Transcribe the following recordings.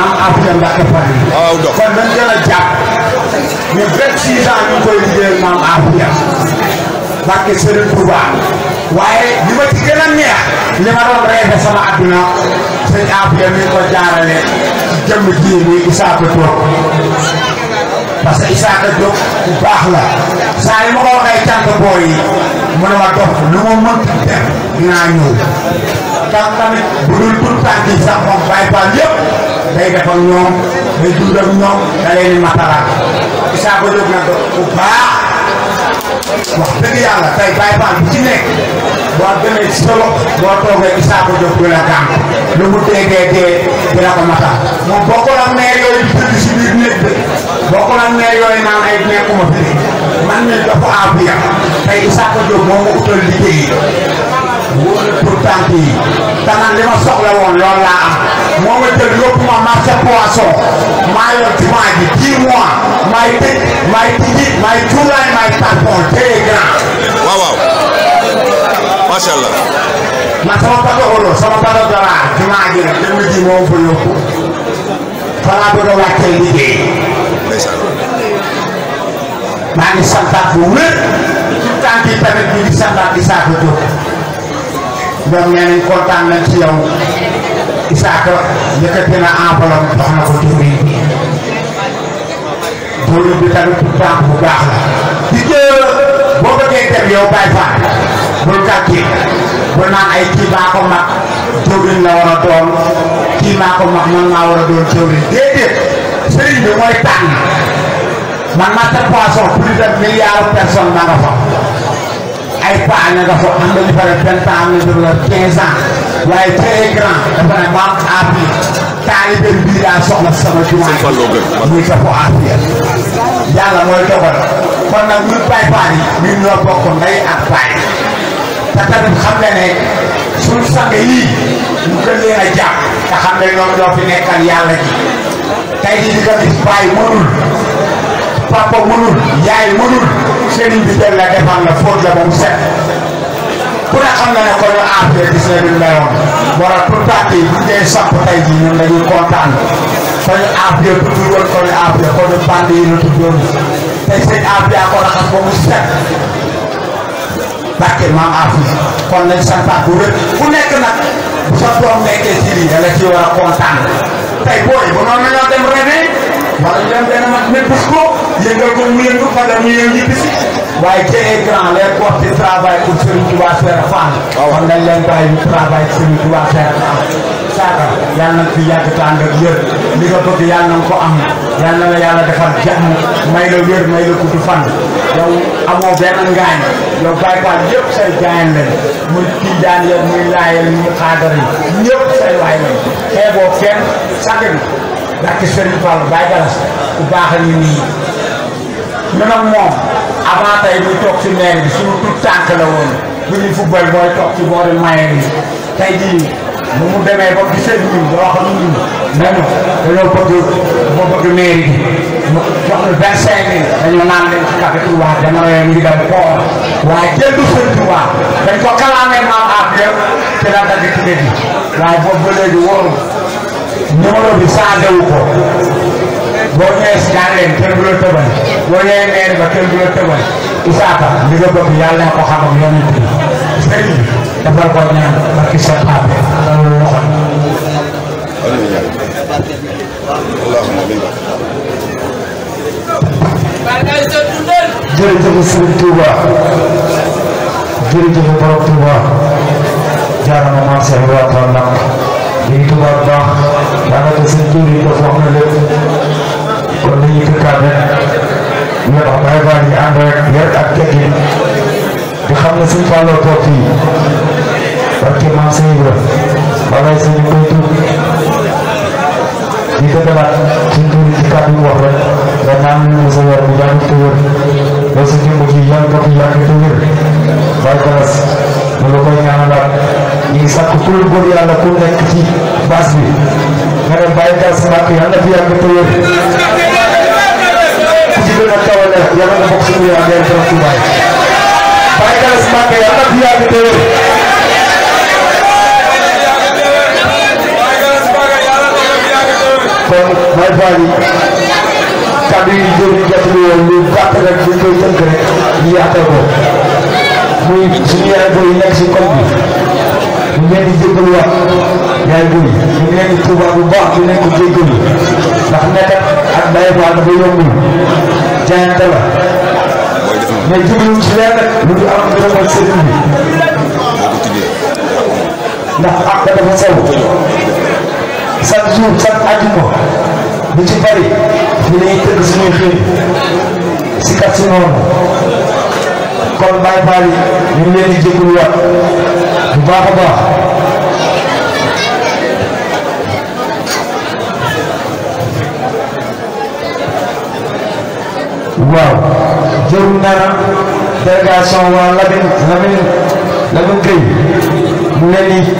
maam Afrika Mbacke Fane. waaw dox kon dañ gën a jàpp ne 26 ans ñu ngi koy liggéeyal maam Afrika Mbacke Serigne Touba waaye li ma ci gën a neex li ma doon reete sama adduna sëñ Afrika mi ko jaarale jëmm ji muy Isaaka Diop parce que Isaaka Diop bu baax la saa ma ko waxee cant booy yi mu ne ma dox lu ma mënti def dinaa ñëw. tam tamit bu dul tur tànk yi sax moom bàyyi day def ak ñoom day dund ak ñoom da leen di matalaat Issa Ba Diop nag bu baax wax dëgg yàlla tey Baye Fall bu ci nekk boo demee ci sa bopp boo toogee Issa Ba Diop du la gàmm lu mu déggee dee dina ko matal moom bokkul ak maire yooyu di tëdd si biir néeg bi bokkul ak maire yooyu naan ay nekkuma fi man mii dafa aab yàq tey Issa Ba Diop moo ma utal liggéey pour tànk yi tanaan li ma soxla woon loolu laa am moo ma jël yóbbu ma marché poisson maa yor jumaa ji dix mois maay tëj maay tijji maay cuuraay maay tampon téye grand. waaw waaw macha allah. man sama papa olo sama papa dara jumaa ji rek dem na ji moo fa yóbbu fa laa doon wàccee liggéey. maa ngi santaat bu wér ci tànk yi tamit ñu ngi santaat di saako jóg. ñoom nee nañ kontaan nañ ci yow Isaaka yëkkati na enveloppe jox na ko jëwriñ bi jëwriñ bi tamit tànk bu baax la. di jël boo bëggee dem yow bàyyi fa bul kàkkee bu naan ay kii maa ko mag jëwriñ la war a doon kii maa ko mag man maa war a doon jëwriñ déedéet sëriñ bi mooy tànn man ma te poisson plus de milliard personnes ma nga fa. ay paa na nga foofu am na ñu pare vingt ans am na ñu pare quinze ans waaye très grand dafa ne maam Afia taalibe bi daa soxla sama jumaa yi muy dafa Afia yàlla mooy dogal kon nag ñun Baay Faal yi ñun ñoo bokk ndey ak baay te tamit xam nga ne suñu sang yii ñu gën leen a jàpp te xam ne ñoom ñoo fi nekkal yàlla ji tey jii di nga gis baay mënul papa mënul yaay mënul. sëriñ bi jël la defal la fóot la ba mu set ku ne xam na ne kon ñu affaire bi seen i meloon war a tout parti bu dee samp tey jii ñun dañuy kontaan kon ñu affaire bu ñu woon kon ñu affaire kon ñu bande yi ñu tuddoon tey seen affaire ko raxas ba mu set bàkke maam affaire kon nañ santaat bu wér ku nekk nag bu sa doom nekkee ci lii da la ci war a kontaan tey booy bu noonu la dem réveil. wala ñu dem benn mag ne bés ko yëngal ko mu yëngu fa dem ñu yëngu ñu bisi waaye jëlee grand les portes de travail pour Serigne Touba Serre Fall. waaw ah kon dañ leen bàyyi ñu travail Serigne Touba Serre Fall. Saaka yal fi yàgg tànd ak wér li bëgg yal na am yal na la yàlla defal jàmm may la wér may la gudd fan yow amoo benn ngaañ yow bàyyi baal yëpp say gaañ lañ muy Tijaan yow muy Laayeen muy Xaadar yi ñëpp say waay lañ xeeboo kenn sàkk bi. barke Serigne Fall Baye Galas ku baax a ngi nii ñun moom avant tey muy ci mairie bi suñu la woon bu ñuy football mooy toog ci boori maye bi tey jii bu mu demee ba gisee ñun ba wax ak ñun nañu dañoo bëgg moo bëgg mairie bi mu jox ñu vingt cinq mille dañoo naan leen ci café Touba jamono yooyu mu ngi dem koor waaye jël du Serigne Touba dañ ko kalaamee maam aaf yëpp ci la dagg ci bi waaye boobu ba léegi numéro bi changé wu ko boo ñëwee si leen kenn du la tëbal boo ñëwee maire ba kenn du la tëbal Isaaka li nga bëgg yàlla na ko xam ak yoon bi sëriñ bi dafal ko ñaan barki sa pape loolu la waxoon. jërëjëf Sëriñ Touba jërëjëf Borom Touba jaarama maam Seydou Waat ñu tubaab bu baax daanaka seen tur yi dafa wax na lépp kon dañuy tëkkaat rek ñu wax bay baax ñu ànd rek yar ak teggin di xam ne suñ fàlloo toog fii parce que maam sëñ bi wala sëñ bi koy tur di dëggalaat suñ tur yi ci kàddu wax rek nga naan ñu sa yor bu ba sa jëmm ji yàgg ko fi la ñu ngi sàkk kuréel góor yàlla ku nekk ci base bi nga dem bàyyi gaas mbàkk yàlla fi yàgg te wér ku ci gën a tawale yàlla nga bokk suñu yàlla ngeen gën a tuubaay bàyyi gaas mbàkk yàlla fi yàgg te wér kon may bàyyi kàddu yi jëm jot lu lu gàtt rek bu koy tënk rek ñu yaatal ko muy suñu yaay booy nekk si koñ bi ñu leen di jégalu yaay buy ñu leen di tuubaat bu baax ñu leen di jégalu ndax nekkat ak bàyyi baax dafa yombul jaayante la mais jubluwul ci leen rek lu ñu am gërëmal sëriñ bi ndax àq dafa sew chaque jour chaque àjjuma bi ci bari ñu lay tëgg suñuy xëy si kat noonu kon Baye Fall yi ñu leen di jégalu waat bu baax a baax. waaw jërëm naa délégation waa Lamine Lamine Lamine Gueye mu leen di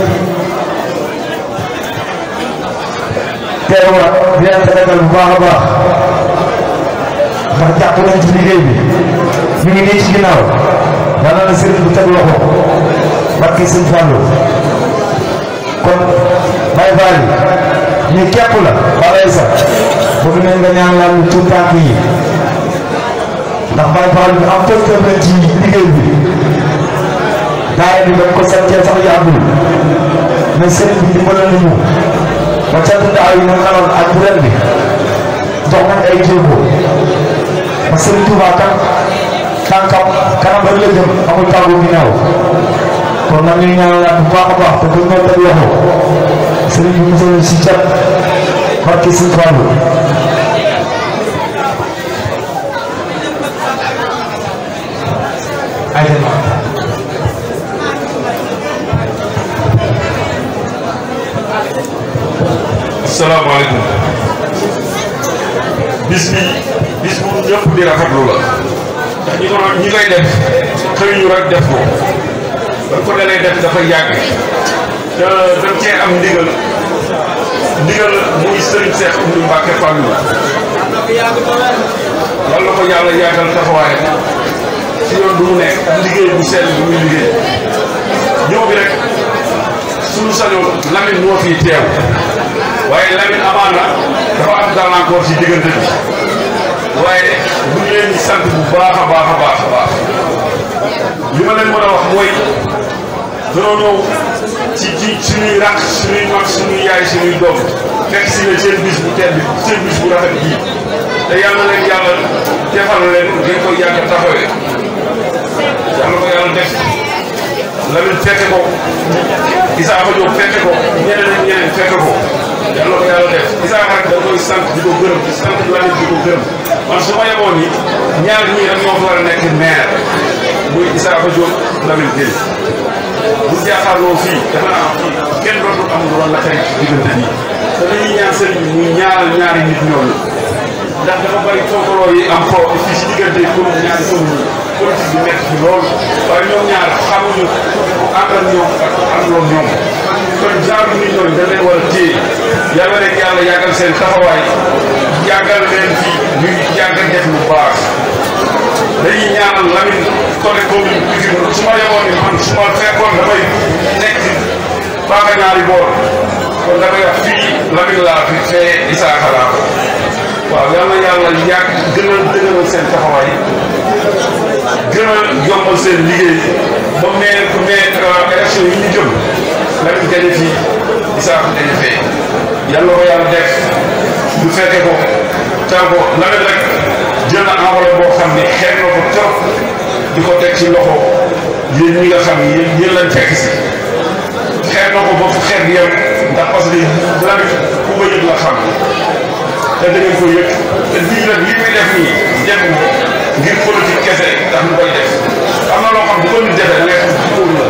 teewaat di leen bu baax a baax ndax jàpp nañ mi ngi nii ci ginnaaw dana la sëriñ bu teg loxo barke sëñ Fallu kon bay baal yi ñu la balay sax bëgg nañ nga ñaan yàlla tur tànk yi ndax bay baal bi am tëb tëb la ci liggéey bi daara bi dañ ko santee sax yàggul mais sëriñ bi dimbale nañu ba cant daaw yi ñu nanoon ak bu ren bi jox nañ ay jéego ba sëriñ Tuubaa tànkam kanam rek la jëm amul tàggu ginnaaw kon nag ñu ñaanal bu baax a baax te buñ mel teg loxo sëriñ bi mos a si cat barke si Fallou salaamaaleykum bis bi bis bu ñëpp di rafetlu la ndax ñi ko ñi koy def xëyuñu rek def ko ba ko dalee def dafa yàgg te dañ cee am ndigal ndigal muy Serigne Cheikh Oumou Mbacke Fallou yàlla na ko yàlla yaatal taxawaayam ci yoon bu mu nekk liggéey bu sell bu liggéey ñëw bi rek suñu sañoon Lamine moo fi teew waaye Lamine amaana dafa am gàllankoor ci diggante bi. waaye ñu ngi leen di sant bu baax a baax a baax a baax li ma leen mën a wax mooy danoo ñëw ci ci suñuy rakk suñuy mag suñuy yaay suñuy doom fekk si la seen bis bu tedd seen bis bu rafet bii te yàlla leen yàlla defal leen ngeen koy yàgg a taxawee yàlla ko yàlla def Lamine fekke ko Isaaka Diop fekke ko ñeneen ak ñeneen fekke ko yàlla ko yàlla def Isaaka rek da koy sant di ko gërëm di sant Lamine di ko gërëm man su ma yeboo nii ñaar ñii rek ñoo fi war a nekk maire muy Issa Diop Lamine Gueye bu jàkkaarloo fii dafa naa fii kenn dootul am lu woon la tey ci diggante bi bi muy ñaar ñaari nit ñooñu. ndax dafa bëri toogaloo yi am foofu fii si diggante commune ñaari commune politique bi métti bi lool waaye ñoom ñaar xamuñu àndal ñoom ak àndoon ñoom kon genre nit ñooñu dañ leen war a téye yàlla rek yàlla yàggal seen taxawaay yàggal leen fi ñu yàgg def lu baax dañuy ñaanal Lamine côté commune Pikine su ma yemoon ni man su ma fekkoon damay nekk baax a ñaari boor kon damay wax fii Lamine laa fi fee Issa Khalafa waaw yal yàlla yàgg gën a dëgëral seen taxawaay gën a seen liggéey ba mais mais euh, élection yi ñu ñu daje fii Issa fi yàlla def du fekke ko taa ko nawet rek jël na boo xam ne xeeb na ko trop di ko teg ci loxo yéen ñu nga xam ne yéen yéen fekk si xeeb na ko ba fu xeeb yem ndax parce que nawet ku bëjëg la xam te da ngeen koy yëg te lii nag lii muy def nii def ngir politique kese ndax ñu koy def am na loo xam bu ko nit defee da ngay xam ci la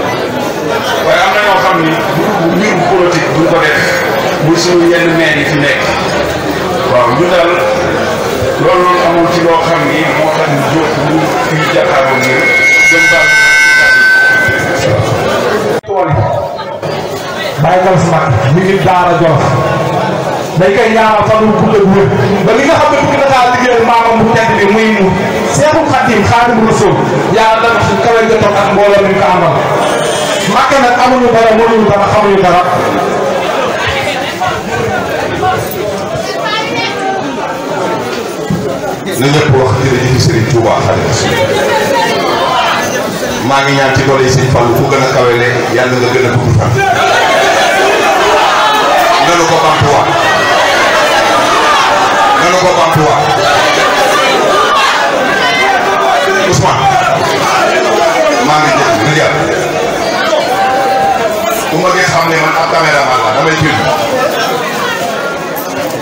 waaye am na ñoo xam ni bu mbirum politique duñ ko def muy suñu yenn maire yi fi nekk waaw ñu daal loolu loolu amul ci loo xam ni moo tax ñu jóg ñu fii jàkkaarloo ngir jëm baal tool yi bàyyi ko sama mi ngi daara Jolof dañ koy ñaanal fan wu gudd ak wér ba li nga xam ne bu ñu dafa liggéeyal maamam bu tedd bi muy mu Seexul Xadim Xaadimu Rasuul yàlla dana su kawe jotoon ak mbooloo mi ko amal Màkka nag amuñu dara mënuñu dara xamuñu dara li ñëpp wax jërëjëf Serigne Touba Xaadimu Rasuul maa ngi ñaan ci doole yi Serigne Fallou ku gën a kawe ne yàlla nga gën a gudd fan. ko Maam Touba Ousmane maa ngi jël nga jàpp bu ma gis xam ne man ab caméraman la damay film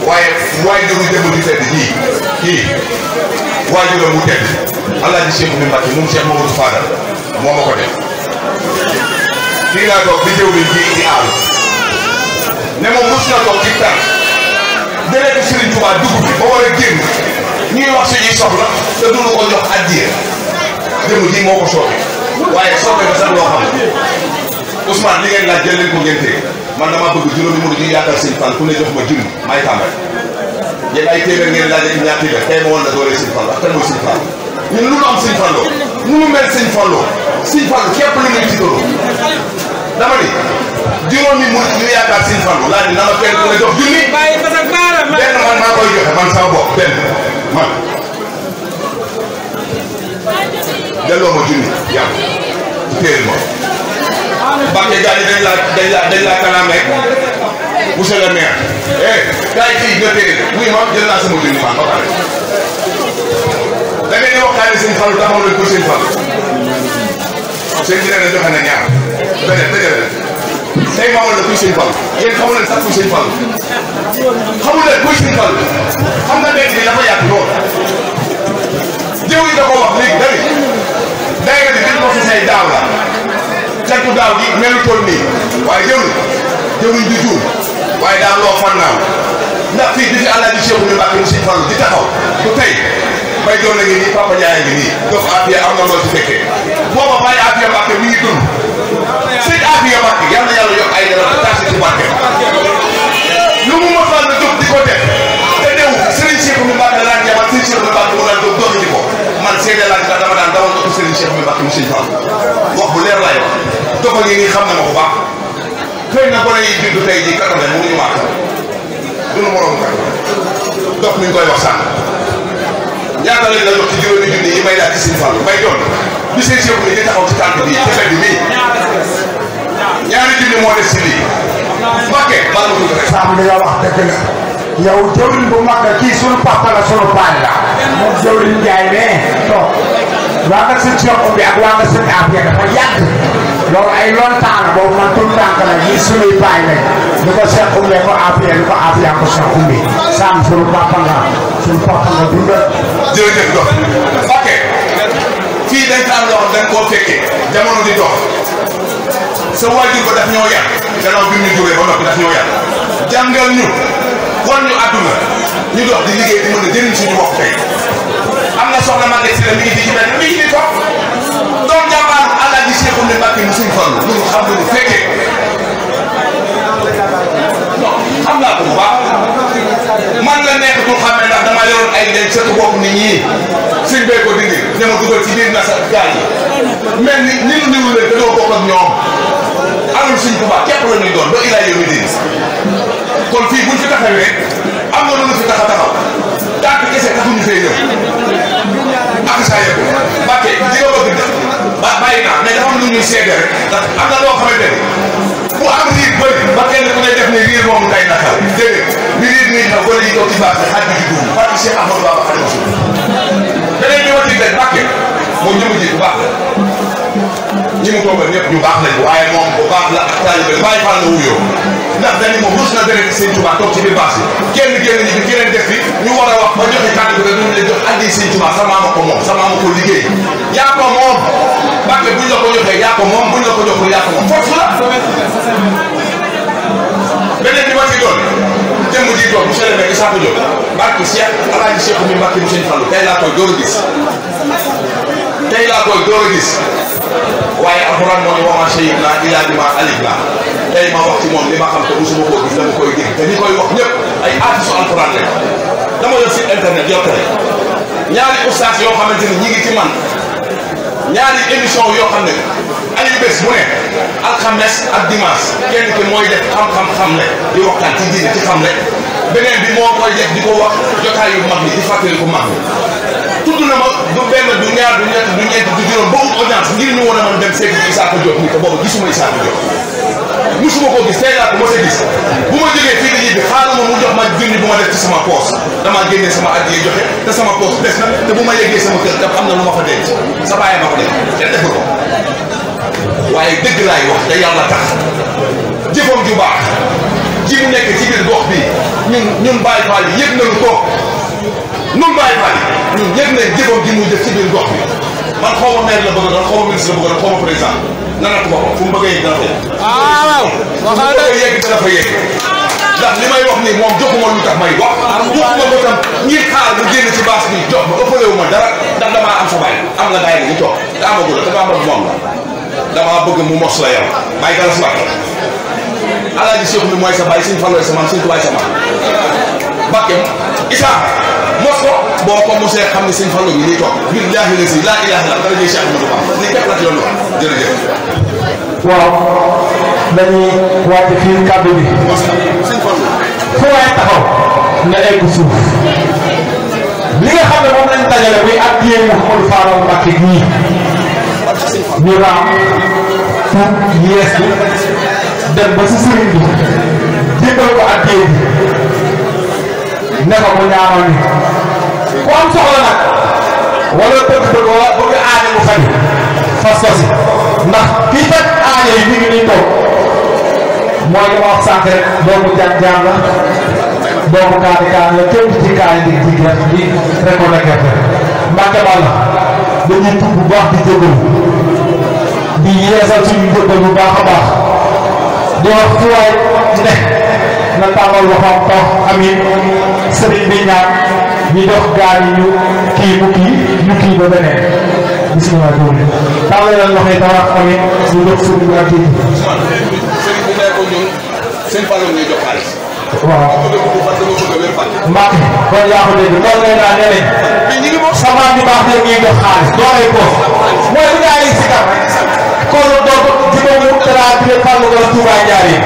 waaye waaye jëmu jëmu di tedd kii kii waaye juróom mu tedd Alaaji Cheikh bi Mbacke moom Cheikh Mamadou Fadal moo ma ko def kii laa toog di jëw li kii di aar ne moom mos na toog ci tànk délégué Serigne Touba dugg fi ba war a génn ñuy wax suñuy soxla te duñu ko jox addiya jëmm ji moo ko soobee waaye soobee ba sax loo xam Ousmane li ngeen laaj jël leen ko ngeen téye man damaa bëgg juróomi mënu ji yaakaar sëñ Fall ku ne jox ma junni may tàmbali yéen ay téeméer ngeen laaj ak ñaar téeméer tey ma woon na doole sëñ Fall ak kan mooy sëñ Fall ñun lu nu am sëñ Fall nu mu mel sëñ Fall sëñ Fall képp lu ñuy tiitoon dama ni juróomi mënu ñu yaakaar sëñ Fall laaj na ma kenn ku ne jox junni benn man maa koy joxe man sama bopp benn man delloo ma junni yàlla téel ma Mbacke gars yi dañ laa dañ laa dañ laa kalaam rek monsieur le maire eh gars yi fii nga téye wuy ma jël naa sama junni man ba pare da ngeen di waxtaanee seen falu taxaw nañ ko seen falu seen bi nee na joxe na ñaar beneen dëgg la tey maa wala kuy seen falu yéen xamu leen sax kuy seen falu xamul ne kuy Sëriñ Fallu xam nga denc bi dafa yàgg lool jëw yi da ko wax léegi dali daayira bi biñ ko fi say daaw la catu daaw gi melu tool nii waaye jëw jëwuñ di juum waaye daal loo fannaaw ndax fii bi fi Alaaji Cheikh bi Mbàkke mu Sëriñ Fallu di taxaw du tey bay doon na ngi nii Papa Ndiaye ngi nii donc Afia am na loo ci fekkee booba Baye Afia Mbàkke mi ngi dund sëñ Afia Mbàkke yàlla yàlla yokk ay dara tax ci barke ko def te néew Serigne Cheikh Oumy Mbacke laa ñëwaat Serigne Cheikh Oumy Mbacke mu daan jóg doxi ji ko man seede laa ñu dama daan dawal ko Serigne Cheikh Oumy Mbacke mu Serigne Fall wax bu leer laay wax doxal yi nga xam ne ma ko baax xëy na gone yi bindu tey jii kattan rek mënuñu waat duñu moroom kan dox mi ñu koy wax sànq ñaata lañ la jox ci juróomi junni yi may daal ci Serigne Fall may doon bi Serigne Cheikh Oumy di taxaw ci tànk bi ci fedd bi ñaari junni moo def si lii Mbacke baal ma tudd rek. Sam li nga wax dëgg la. yow jëwriñ moom jëwriñ di dox sa waajur ko daf ñoo ñu juree ñu wan ñu àdduna ñu dox di liggéey di mën a jëriñ suñu bopp tey am na soxna Maguette si la mi ngi fi ci benn mi ngi fi toog doon jàmbaar àlla ji Cheikh Oumy Mbacke mu suñ fan lu xam ne lu fekkee non xam naa ko bu baax man la nekkatul xam ne ndax dama yoroon ay denc sa bopp nit ñi suñ béy ko dindi ñama dugal ci biir nasa gaal yi mel ni ni mu niwul leen dañoo bokk ak ñoom alul suñ bu baax képp la doon ba ilaa yow mi kon fii buñ fi am na lu ñu a taxaw tànk kese taxuñu fee ñëw ak saa yëpp Mbacke li nga bëgg def ba bàyyi naa mais am lu ñuy seede rek ndax am na loo am riir bëri ba kenn ku ne def ni riir moom day nakal déedéet ni riir nii xew wala bi xaj bi di dugg parce que Cheikh Amadou Baba Xadim ñi mu toogal ñëpp ñu baax nañu waaye moom bu baax la ak taalibe bàyyi fan la wuyoo ndax dañ moom mos na deret Sëñ Tuubaa toog ci biir baas yi kenn génn ñi bi keneen def fi ñu war a wax ba joxe kàddu bi dañu leen jox andi Sëñ Tuubaa sa maama ko moom sa maama ko liggéey yaa ko moom bàkke buñ la ko joxee yaa ko moom buñ la ko joxul yaa ko moom foofu la beneen bi ma fi doon jëmm ji doon monsieur le maire Issa Diop barke Cheikh Alaaji Cheikh mi Mbàkke mu Sëñ Fallu tey laa koy door a gis tey laa koy door a gis waaye alxuraan moo ne wa maa shahidnaa illaa bimaa alimnaa tey ma wax ci moom li ma xam te musuma koo gis dama koy dégg te ñi koy wax ñëpp ay artiste yoo xamante ni ñi ngi ci man ñaari émission yoo xam ne ay bés bu ne alxames ak dimanche kenn ki mooy def xam-xam-xam ne di waxtaan ci diine ci xam ne beneen bi moo koy def di ko wax jotaayu mag ñi di fàttali ko mag tudd na ma du benn du ñaar du ñett du ñeent du juróom ba ut audience ngir ñu war a mën dem seeti Issakha Diop ni ko boobu gisuma Issakha Diop musuma koo gis tey laa ko mos a gis bu ma jógee fii dañuy bi xaaruma mu jox ma junni bu ma def ci sama poos damaa génnee sama addiya joxe te sama poos des na te bu ma yeggee sama kër daf am na lu ma fa denc sa bàyyi ma ko denc kenn defu ko waaye dëgg laay wax te yàlla tax jëfam ju baax ji mu nekk ci biir gox bi ñun ñun Baay Faal yëpp nañu ko nun Baay Faal ñun ñëpp nañ jëfam ji muy jëf ci biir gox bi man xaw ma maire la bëgg a doon xaw ma ministre la bëgg a doon xaw ma président na natt boppam fu mu bëgg a yegg dana fa yegg ah, waaw fu mu bëgg a yegg dana fa yegg ndax li may wax nii moom joxuma lu tax may wax joxuma ko tam ñi xaar mu génn ci baas bi jox ma ëppale wu ma dara ndax damaa am sa baay am nga daay ni ñu toog te amagu la damaa bëgg moom la damaa bëgg mu mos la yow bàyyi dara si Mbàkke alaaji Seex mi mooy sa baay suñ falooy sa maam suñ tubaay sa maam Mbàkke Isaa mos ko boo ko xam ne sëñ Fallou nii toog biir na si laa ilaaha illallaah dara jëy Cheikh Ba lii képp la ci doon wax jërëjëf. waaw dañuy fii kàddu bi. sëñ Fallou. fu waay taxaw nga li nga xam ne moom lañ dajale muy ak yéen Mouhamadou Fallou Mbacké ñii ñu raam pour yees bi dem ba si sëriñ bi jébbal ne ko mu ñaanal ñu ku am soxla nag wala bëgg-bëgg wala bëgg aajo mu faj fas fas ndax kii faj aajo yi ñu ngi nii toog mooy li ma wax sànq rek doomu jaan jaan la doomu kaani kaani la kenn ci kaani di ci gerte di récolter gerte mbàkke bal la dañuy tuub bu baax di jégalu di yeesal suñu jégalu bu baax a baax di wax fu waay nekk na tàmbal waxam tax amin sëriñ bi ñaan ñu jox gaar yi ñu kii mu kii ñu kii ba beneen bisimilah jooju tàmbal leen loxo yi tawaat amin ñu jox sëriñ bi ak kii sëriñ bi nee ko ñun seen fàllu ngay jox xaalis waaw mbàkk kon yaa ko dégg loolu lay naa nee nañ sama bi baax na ñuy jox xaalis doolay ko mooy bu gaa yi si kam kon doog jiboobu teraat bi fàllu ko Touba Ndiaye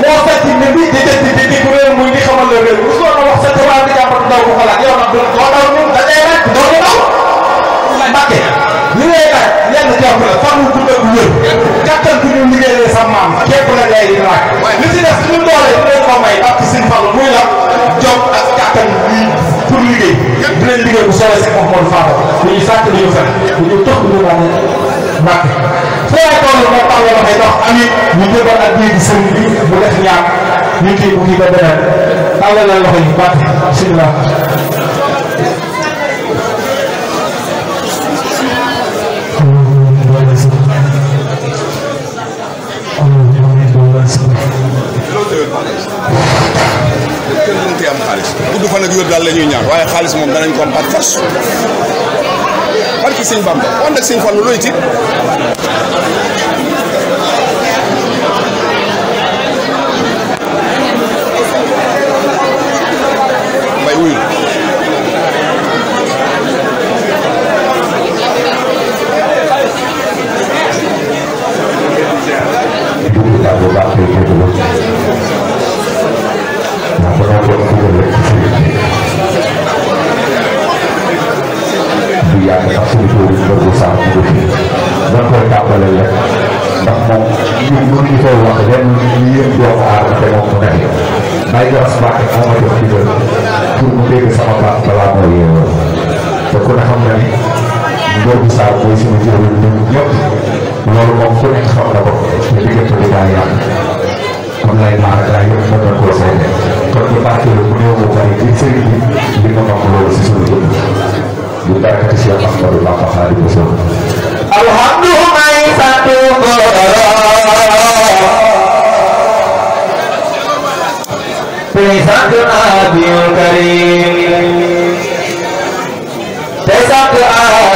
moo fekk nit ñi di jënd di di réew muy di xamal la réew mosul woon wax sept ans di jàppal ndaw bu xalaat yow nag doo daw ñun da ngay rek doo ko daw. Mbacke li ngay laaj yenn jàpp la fan wu gudd ak wér kattan bi ñu liggéeyee sa maam képp la ngay di laaj li ci des suñu doole bi leen ko may ak suñu fan muy la jom ak kattan bi pour liggéey dinañ liggéey bu soobee si Mawone Fapal bu ñu sàcc bu ñu fen bu ñu topp ñu bàyyi. Mbàkke foo toll nga tàllal loxo ndox amit ñu jébbal ak biir sëriñ bi bu def ñaar ñu kii bu kii ba beneen tàllal la loxo yi Mbàkke bismillah gudd fan ak wér daal la ñuy ñaan waaye xaalis moom danañ ko am par force barki sëñ Bamba on ak sëñ Fallu looy tiit mbay wuyu Thank you. yàgg ndax suñu tool yi ñoom ñu sàmm ci dëkk bi dañ koy tàmbaleel rek ndax moom ñun mënuñu koy wax ren ñu yéen doomu aadama te moom mu nekk may jox Mbacke moo ma jox ndigal pour mu dégg sama baat balaa mooy yeewoo te ku ne xam na ni Ndiobu Sarr mooy sama jëwriñ ñun ñëpp loolu moom ku nekk xam na ko te diggante bi daa yàgg kon lay maanaam yëpp mën na koo seede kon ñu bàcceelu bu néew mu bari ci sëriñ bi li nga mokk loolu si suñu jëmm ببركة الشيخ أحمد الله خالد وسلم الحمد ميسة بيسة أبي الكريم بيسة أحمد خالد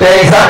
بيسة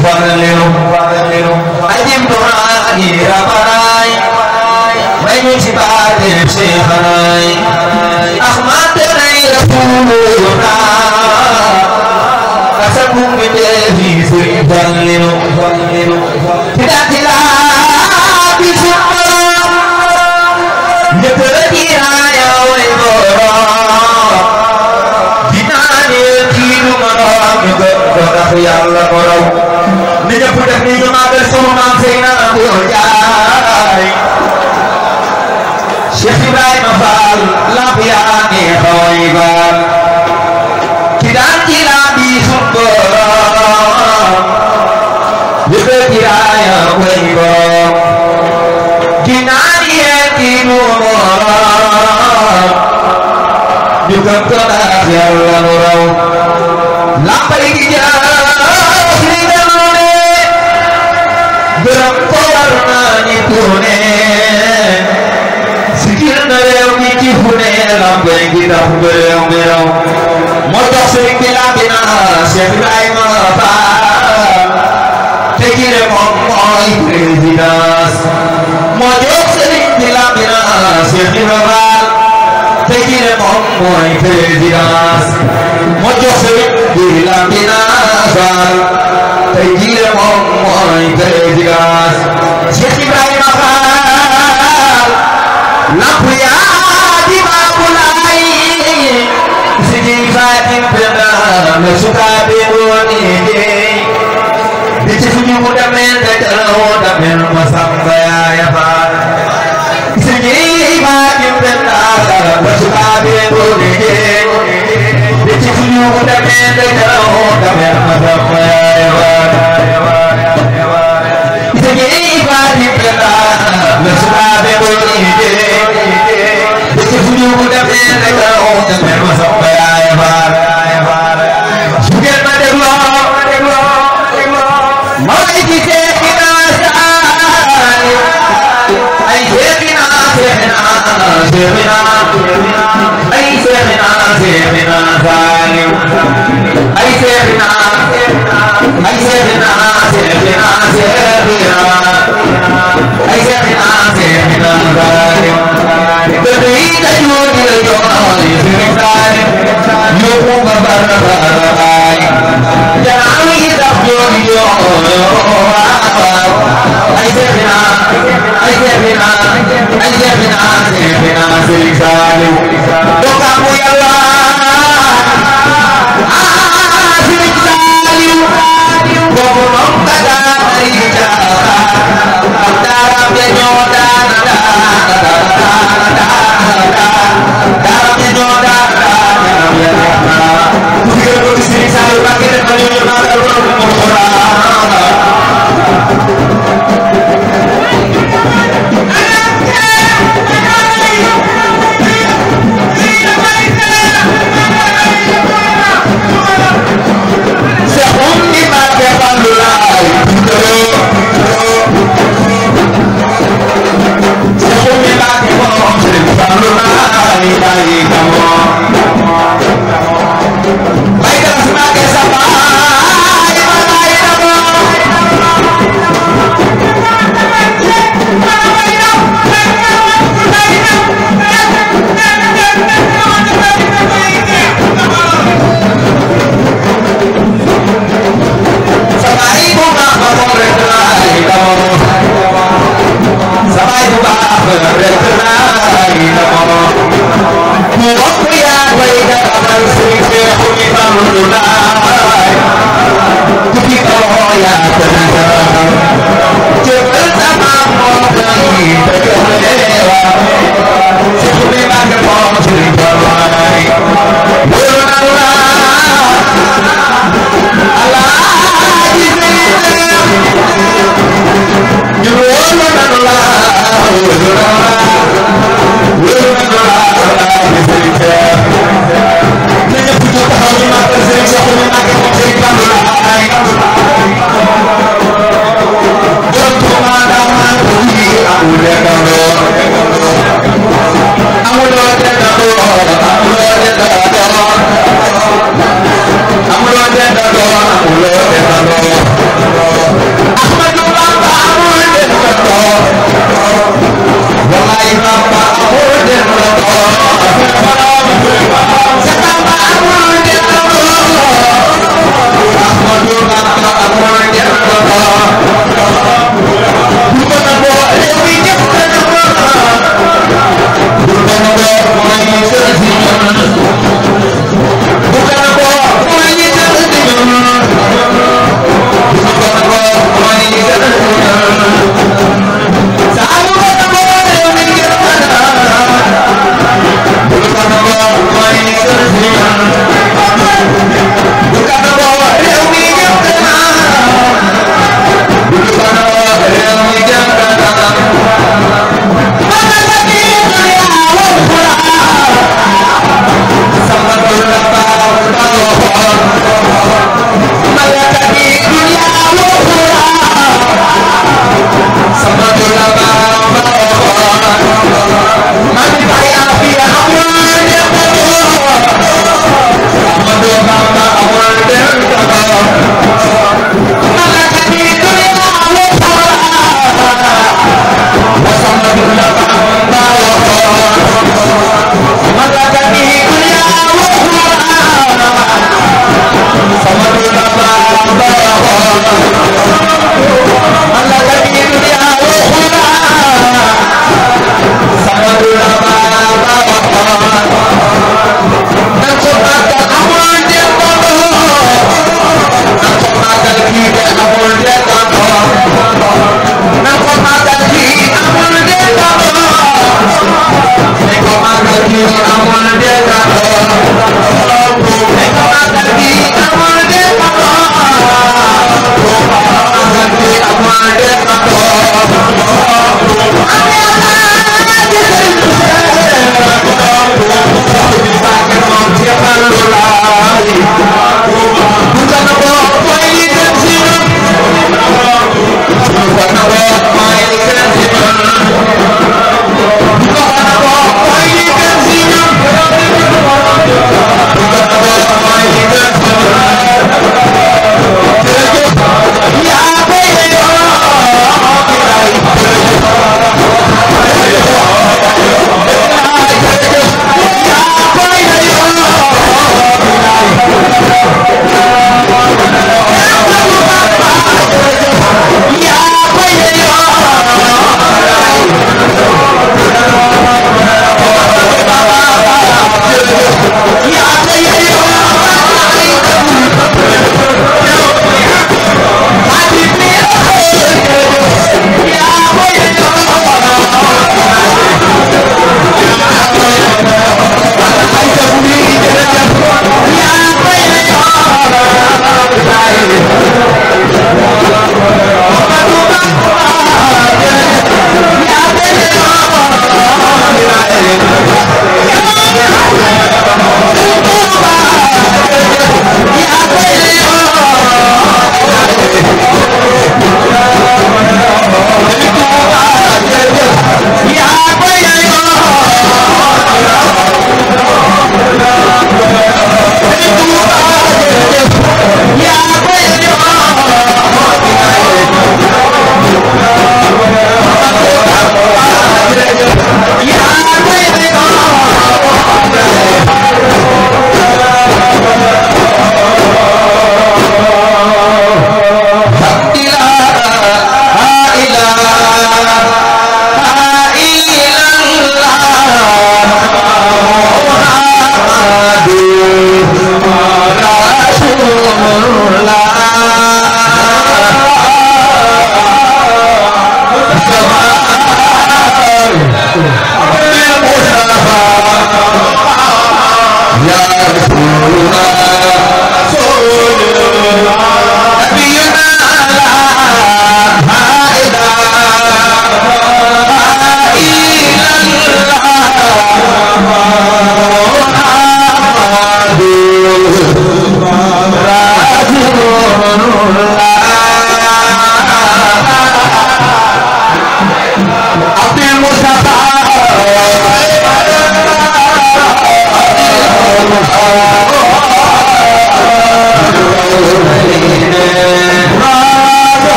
فضلهم أجب دعائي ربناي من يتبعد بشيخناي أخمدني رسولنا فسبهم بدافي سيضللوا تدعت لا بشقرا نتركها يا ويبورا yaa la ko raw maa del sunu maam sey naa ko jaay Cheikh Ibrahima Fall lamp yaa ngi xooy baal ki daan ci laa bi sun borom bébé Ibrahima way borom ginaar yee ki nu morom ñu gëm ko naas yàlla nu raw lamp yi di jaar gërëm bëri gi tax bëreew bëreew moo tax sëriñ bi laa bi naan Cheikh Ibrahima Fall te mooy présidence moo mooy présidence moo jox sëriñ bi laa bi naan me sukaaɓe woni jeey nde cefñumuɗa men nde tarawoɗa men mo sambayaya fa so jeeyi maɓim ɓenɗaaka mo sukaaɓe woni jeey nde cefñumuɗa men nde tarawoɗa men mo sambayaya fa so jeeyi maɓim ɓenɗaaka me sukaaɓe woni jeey nde cefñumuɗa men nde tarawoɗa men mo sambaya سمعنا أي سمعنا سمعنا ظالم أي سمعنا أي سمعنا سمعنا سمعنا أي سمعنا سمعنا ظالم تبعيد جود الجمال في مثال يقوم برنا جعل يتخجل يوم Dokamu yang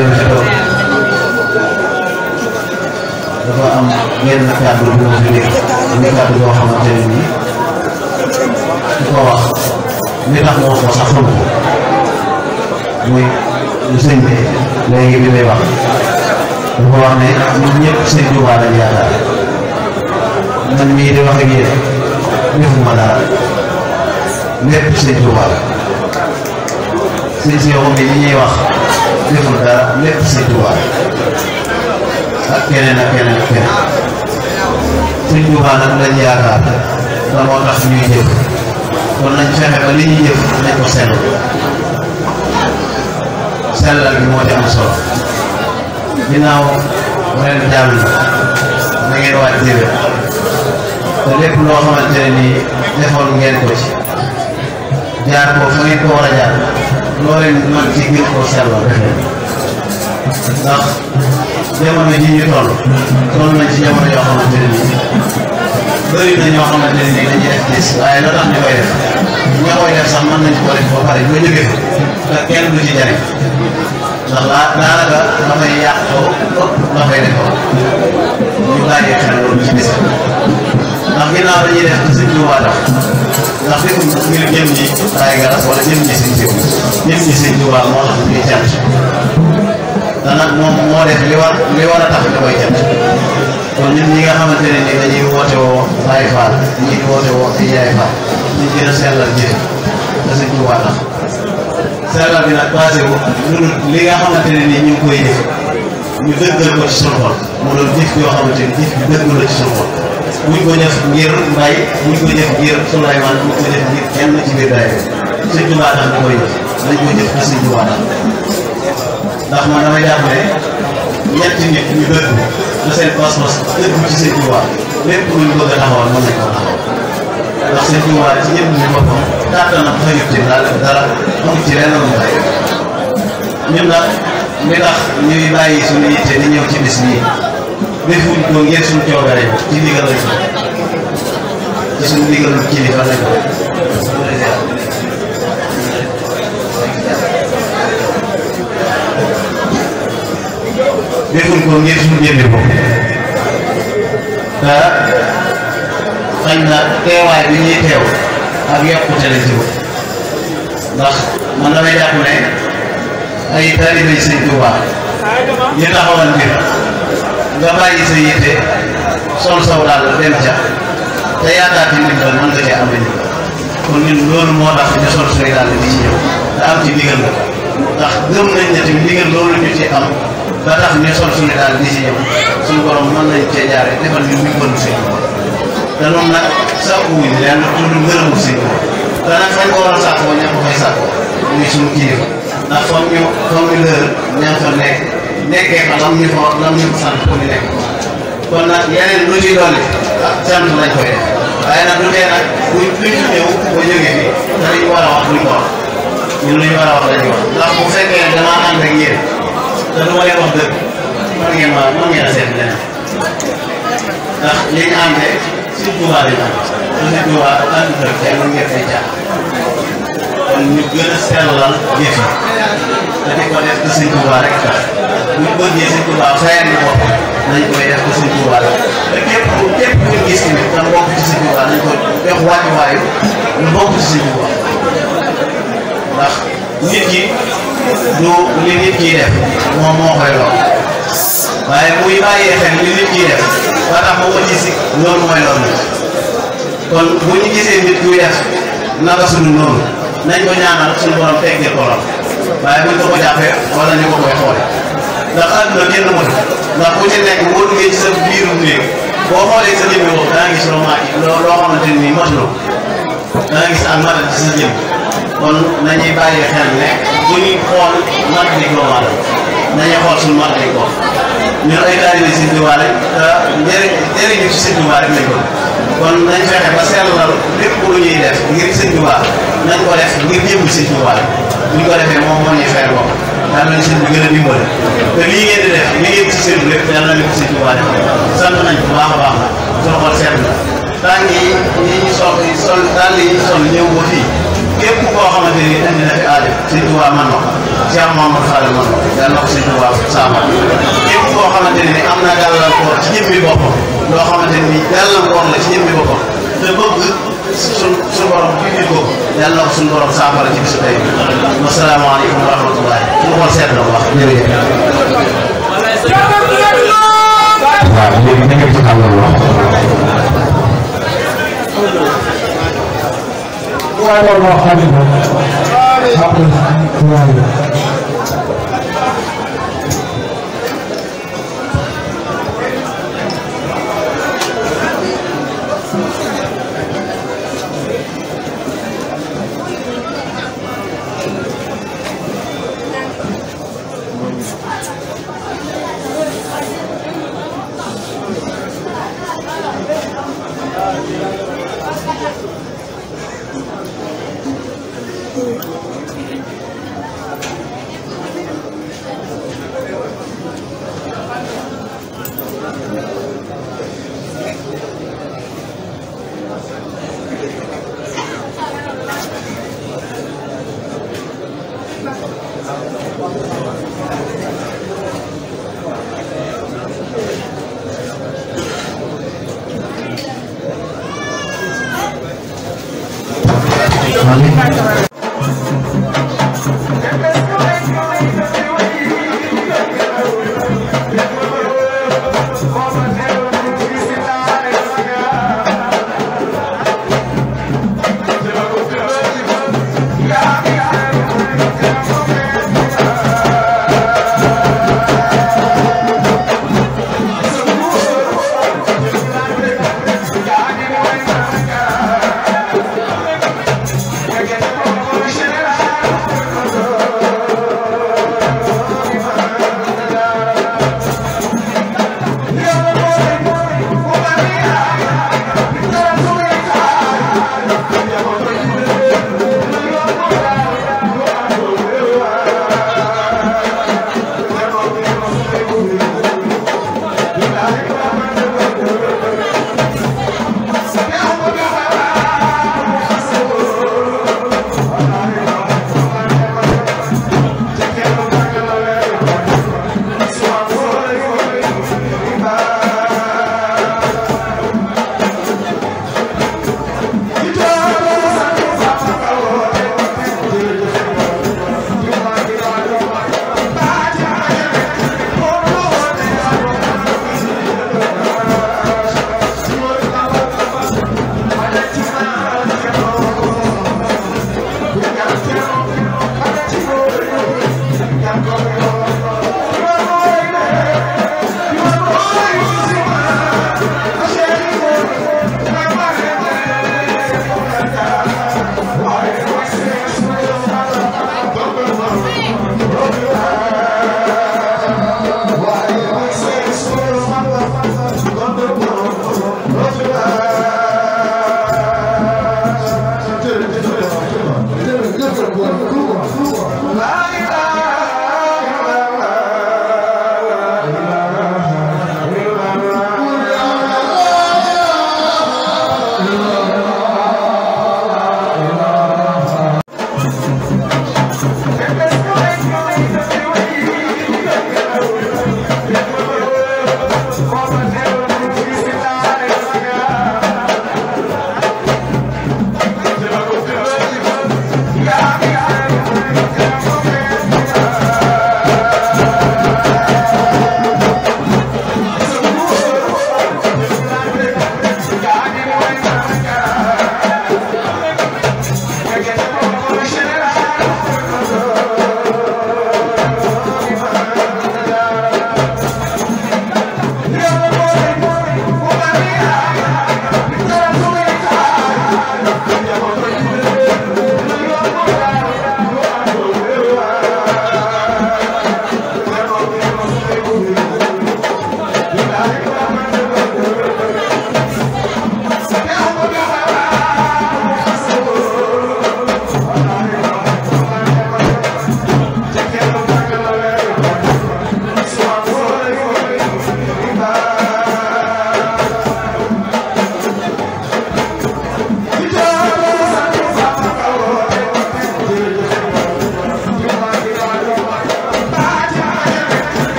réew mi toog dafa am yenn kàddu bu ma jëlee yenn kàddu yoo xamante ne nii su ko wax li tax moo ko sax xamu ko muy lu sëñ bi léegi bi lay wax dafa wax ne ñun ñëpp sëñ Tuubaa lañ yaakaar man mii di wax ak yéen defuma dara lépp sëñ Tuubaa la sëñ si yow mi ñuy wax. deful dara lépp sëñ Tuubaa ak keneen ak keneen ak keneen sëñ Tuubaa nag lañ yaakaar la moo tax ñuy jëf kon nañ fexe ba li ñuy jëf nañ ko sell sellal bi moo ci am solo ginnaaw ren jàll na ngeen waaj lépp loo xamante ne nii defoon loolee nag man ci gën koo seetloo ndax jamono ji ñu toll toll nañ ci jamono yoo xamante ne nii bëri na ñoo xamante ne nii dañuy def gis waaye la tax ñu koy def ña koy def sax mën nañ koo def ba pare ba jóge te kenn du ci jariñ ndax laa daanaka dafay yàqoo ëpp dafay defoo ñu bàyyi xel loolu ci bis ndax ginnaaw dañuy def ci suñu waa ndax dëkk bi ñi raay garab wala ñenn ñi seen moo tax ñu jàng dana moom moo def li war li war a tax da koy jàng kon ñun ñi nga xamante ne ni dañuy woo Baay Faal ñi di woote woo ay Yaay Faal ñu a sellal jëf da sëñ Tuubaa sellal bi nag passé wu ñun li nga xamante ne ni ñu ngi koy def ñu dëggal ko ci sunu xol mu doon jëf yoo xamante ni jëf bi dëggu la ci sunu ñu ngi ko def ngir mbay ñu ngi ko def ngir sundaay waan ñu ngi ko def ngir kenn daay sëñ Tuubaa daal koy def dañ koy def ci sëñ Tuubaa daal ndax ne ñetti na seen pas-pas dëgg ci sëñ Tuubaa lépp lu ñu bëgg a taxawal mën nañ ko taxawal ndax sëñ Tuubaa ci ñëpp ñu boppam kàttanam xëyut ci daal dara amul ci ñëw ci bis bii defuñ ko ngeen suñu coobare ci ndigal lañ ko ci suñu ndigal kilifa lañ ko defuñ ko ngeen suñu jëndi bopp te xëy na teewaay bi ñuy teew ak yokkute la ci ndax man damay jàpp ne ay taalibe Sëñ Tuubaa ñu taxawal mbir nga bàyyi sa yitte sol saw daal dem ca te yaakaar ci ndimbal mën nga cee am nañu kon ñun loolu moo tax ñu sol suñu daal la ndax gëm nañ ñu ci am ba ñu sol suñu daal di ñu ñu bënd seen te noonu nag sàkku wuñ leen ña ko fay sàkkoo muy suñu kilifa ndax foog ñu foog ñu lër ña fa nekk nekkee fa lam ñu ko lam ñu ko sant pour ñu nekk kon nag yeneen lu ñuy dolli ak sant lañ koy def waaye nag du tee nag buñ buñ ñëw ba jógee bi danañ war a wax duñ ko wax ñun lu ñu war a wax lañ wax ndax bu fekkee damaa ànd ak yéen te du ma leen wax dëgg man ngeen ma man ngeen a seet leneen ndax li ñu àndee surtout waa dina am surtout waa ànd dëgg te mën ngeen fay jaar kon ñu gën a seetlal jëf te di ko def ci suñu tubaab rek tax buñ bëggee suñ tubaab sayal na boppam nañ koy def ko suñ tubaab la képp képp ku gis ni nga bokk ci suñ tubaab nañ ko jox wàccuwaayu ñu bokk ci suñ tubaab ndax nit ñi du li nit ñi def moom moo koy lool waaye muy bàyyee xel li nit ñi def ba tax ma ko gis loolu mooy loolu kon bu ñu gisee nit kuy def naka suñu noonu nañ ko ñaanal suñu borom teggil borom waaye buñ ko ko jàppee wala ñu ko koy xoole ndax àdduna kenn mën ndax ku ci nekk boo duggee ci sa biirum néeg boo xoolee sa jëmmi bopp daa ngi gis loo maaj loo loo xamante ni mot na daa ngi gis ak matal ci sa jëm kon nañuy ne bu ñuy xool matal di ko matal nañuy xool suñu matal di ko ñun ay taalibe Sëñ Tuubaa rek te njëriñ njëriñu ci Sëñ Tuubaa rek lañ ko kon nañ fexe ba sellal lépp lu ñuy def ngir Sëñ Tuubaa nañ ko daa mel ni sëñ bi gën a dimbale te lii ngeen di def li ngeen ci sëñ bi lépp yàlla na ko sëñ Tuubaa def sol sol dàll yi ñu sol koo xamante ni indi na fi aajo sëñ Tuubaa man na ko Cheikh Mamadou Fall man na ko yàlla na ko sëñ Tuubaa saama képp ci jëmmi boppam boppam te bëgg suñ suñ borom bii nit ko yàlla na ko suñ borom saafara ci bisu tey bi asalaamaaleykum wa rahmatullahi su ma xool seet la wax jërëjëf. waaw léegi ñu ngi ci xam loolu wax. waaw loolu moo xam ne moom.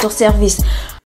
votre service